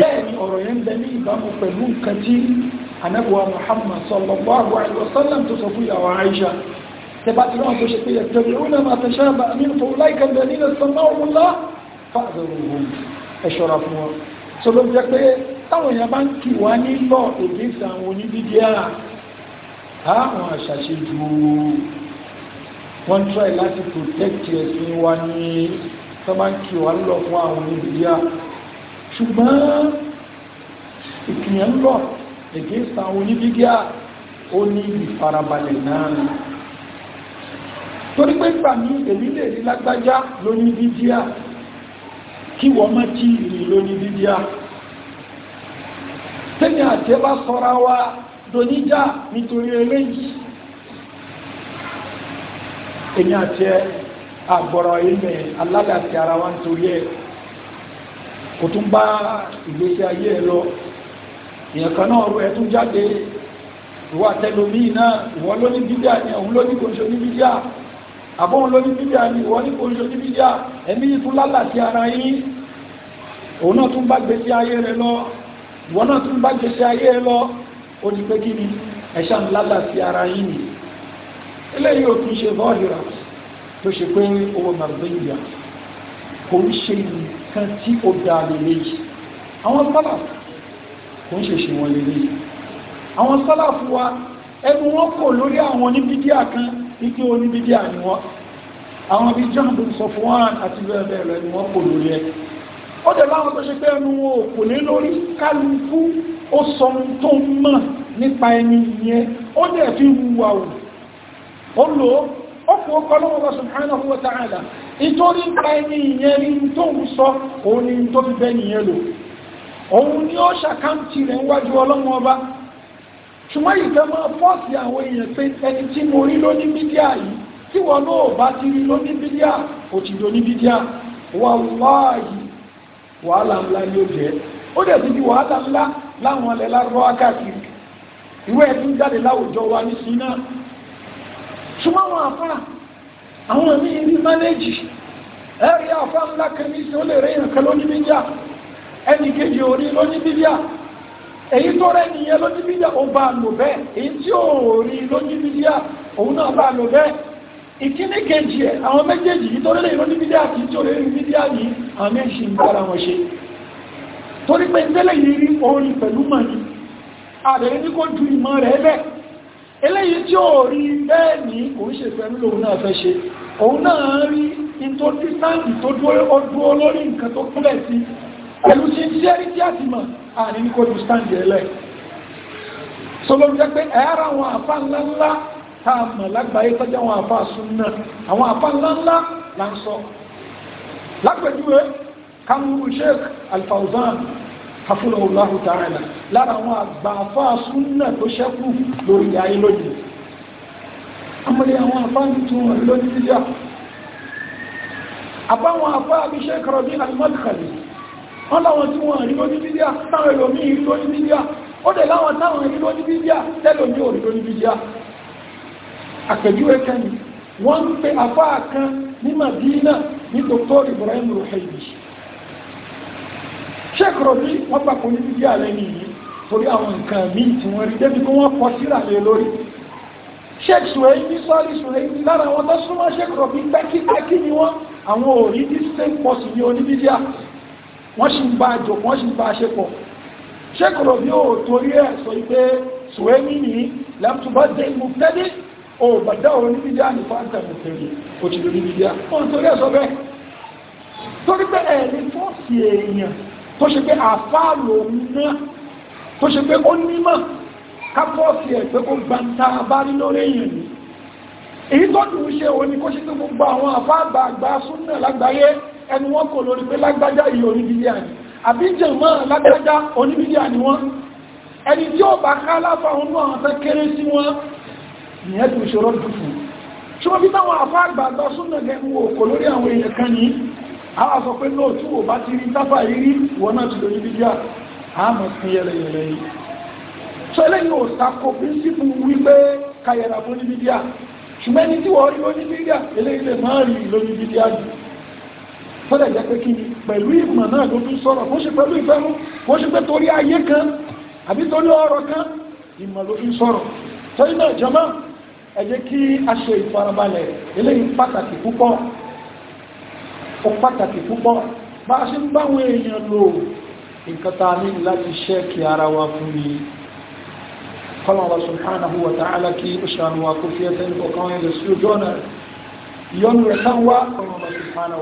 bẹ́ẹ̀ ni ọ̀rọ̀ yẹn ń bẹ ní ìbámu pẹ̀lú nǹkan tí anabuwa muhammad sallallahu alaihi wasallam tó sọ fún ìyàwó aisha tẹ bá ti rán tó ṣe pé yẹ tẹ̀lé ó náà máa tẹ ṣáà bá tó láì kan nílẹ̀ sanná òun lá fáàzọrò òun ẹ ṣọ́ra fún wọn so ló jẹ pé táwọn èèyàn bá ń kì wá ní lọ èdè sí àwọn à àwọn àṣàṣe ju wọn try láti protect ẹ̀sìn wa ní tó bá ń kì wá lọ fún àwọn onídídí à ṣùgbọ́n ìkìyàn lọ èké sàwọn oníbígíà ó ní ìfarabalẹ̀ náà torí pé gbà ní èmi lè rí lágbájá lóní bídíà kí wọ́n má tí ìrì lóní bídíà tẹ́yìn àti bá sọ́ra wa doníjà nítorí eléyìí èmi àti àgbọ̀rọ̀ ilẹ̀ alálàtì ara wa nítorí ẹ̀ kò tún bá ìgbésí ayé ẹ lọ èèyàn kan náà rú ẹ jáde ìwọ àtẹlómíì náà ìwọ ló ní bídíà ni òun ló ní kò ń ní bídíà àbọ̀n ló ní bídíà ni ìwọ ní kò ń ṣe ní bídíà ẹ̀mí yìí tún lálà sí ara yín òun náà tún bá gbèsè ayé rẹ lọ ìwọ náà tún bá gbèsè ayé rẹ lọ ó ní pé kí ni ẹ̀ṣà ń lálà sí ara yín ni eléyìí ò tún ṣe bọ́ọ̀lù rà tó ṣe pé owó màgbé ìyà kò ń ṣe ìlú nǹkan tí ó dá lélẹ́yìí àwọn sálàfù kò ń ṣèṣe wọn lélẹ́yìí àwọn sálàfù wa ẹnu wọn kò lórí àwọn oníbídíà kan ike oníbídíà ni wọn àwọn bíi John bin Safwan àti bẹ́ẹ̀ bẹ́ẹ̀ lọ ẹnu wọn kò lórí ẹ ó dẹ̀ láwọn tó ṣe pé ẹnu wọn kò lé lórí kálukú ó sọ ohun tó mọ̀ nípa ẹni yẹn ó dẹ̀ fi wùwà wù ó lò ó fún ọkọ̀ lọ́wọ́ subhanahu wa ta'ala nítorí pa ẹni ìyẹn rí tó ń sọ òun ni tó fi bẹ́ nìyẹn lò òun ni ó ṣàkáǹtì rẹ̀ wájú ọlọ́wọ́ ọba ṣùgbọ́n ìfẹ́ máa fọ́ọ̀sì àwọn èèyàn pé ẹni tí mo rí lóní mídíà yìí tí wọ́n náà bá ti rí lóní mídíà ò ti dò ní mídíà ni ó jẹ́ ó ṣùgbọ́n àwọn àfáà àwọn míì rí mánéjì ẹ̀rí àfáàmúlá kìrìsì ó lè rí nǹkan lóní bídíà ẹnì kejì orí lóní bídíà èyí tó rẹ̀ nìyẹn lóní bídíà ó bá lò bẹ́ẹ̀ èyí tí ó rí lóní bídíà òun náà bá lò bẹ́ẹ̀ ìkíní kejì ẹ̀ àwọn méjèèjì yìí tó rí lóní bídíà àti tí ó rí bídíà yìí àwọn méjì ń bára wọn ṣe torí pé tẹ́lẹ̀ yìí rí orin pẹ̀lú mọ̀ ni àbẹ̀rẹ̀ ní kó ju ìmọ̀ rẹ̀ bẹ́ẹ̀ eléyìí tí ó rí bẹ́ẹ̀ ní kò ń ṣe pẹ̀lú òun náà fẹ́ ṣe òun náà rí in tó tí sáàdì tó dúró lórí nǹkan tó kúlẹ̀ sí pẹ̀lú ṣe ń ṣẹ́rí tí a ti mọ̀ àní ní kò tó ẹlẹ́ so pé ẹ̀ẹ́rà àwọn àfá ńláńlá tá mọ̀ lágbàáyé tọ́jú àwọn àfá súnmọ́ àwọn àfá ńláńlá là ń sọ lápẹjúwe kamuru sheikh al hafúnlọ́wọ́láhù tààrà lára àwọn àgbà àfáà súnnà tó ṣẹ́kù lórí ayé lónìí amúlé àwọn àfáà tuntun wọn lónìí bídíà àbáwọn àfáà bí ṣe kọrọ bí alimọ́dìkàlì wọ́n láwọn tí wọ́n rí lónìí bídíà táwọn ẹlòmí rí lónìí bídíà ó dẹ̀ láwọn táwọn rí lónìí bídíà tẹ́lòmí ò rí lónìí ní Madina ní Dr ṣẹ́kọ̀rọ̀ bí wọ́n pàpọ̀ ní bíbí ààrẹ nìyí torí àwọn nǹkan míì tí wọ́n rí débi kó wọ́n pọ̀ síra lé lórí sheik suhaimi sọ́ọ́lì suhaimi lára wọn tó súnmọ́ ṣẹ́kọ̀rọ̀ bí pẹ́kípẹ́kí ni wọ́n àwọn òrí ní state post ní oníbíbíà wọ́n sì ń bá a jò wọ́n sì ń bá a ṣe pọ̀ ṣẹ́kọ̀rọ̀ bí ó torí ẹ̀ sọ pé suhaimi ní lẹ́mtùbọ́ dé ìmú tẹ́lẹ̀ ó bàdá oníbíbíà ní fáńtà mú tẹ́lẹ̀ òtìlú oníbíbíà ó torí ẹ̀ sọ bẹ́ẹ̀ tó ṣe pé àfáà lòun náà tó ṣe pé ó nímọ̀ kápọ́ọ̀sì ẹ̀ pé kó gba ta bá rí lórí èèyàn ni èyí tó dùn ṣe òun ni kó ṣe pé gbogbo àwọn àfáà àgbààgbà súnà lágbàáyé ẹnu wọn kò lórí pé lágbájá yìí oníbíyà ni àbí jẹ̀mọ́ lágbájá oníbíyà ni wọ́n ẹni tí ó bá ká láfa òun náà àwọn fẹ́ kéré sí àwọn sọ pé náà tí wò bá ti rí tápà rírí wọ́n náà ti lórí bídíà àmọ́ sí yẹlẹyẹlẹ yìí tó eléyìí ò takò píńsípù wípé kayẹra fún ní bídíà ṣùgbọ́n ní tí wọ́n rí oní bídíà eléyìí lè máa rí lórí bídíà jù fọ́dẹ̀ jẹ́ pé kí ni pẹ̀lú ìmọ̀ náà ló tún sọ̀rọ̀ kó ṣe pẹ̀lú ìfẹ́ mú ṣe pé torí ayé kan àbí torí ọ̀rọ̀ kan ìmọ̀ ló tún sọ̀rọ̀ torí jọmọ́ ẹ kí a ṣe ìfarabalẹ̀ eléyìí pàtàkì púpọ̀ ó pàtàkì púpọ̀ bá ṣe ń báwọn èèyàn lò nǹkan ta ní láti ṣẹ́ kí ara wa fún ni kọlọ̀wà subhanahu wa ta'ala kí ó ṣàánú wa kó fi ẹsẹ̀ nípa kan ilẹ̀ sí ojú ọ̀nà ìyọnu rẹ̀ kan wá kọlọ̀wà subhanahu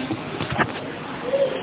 wa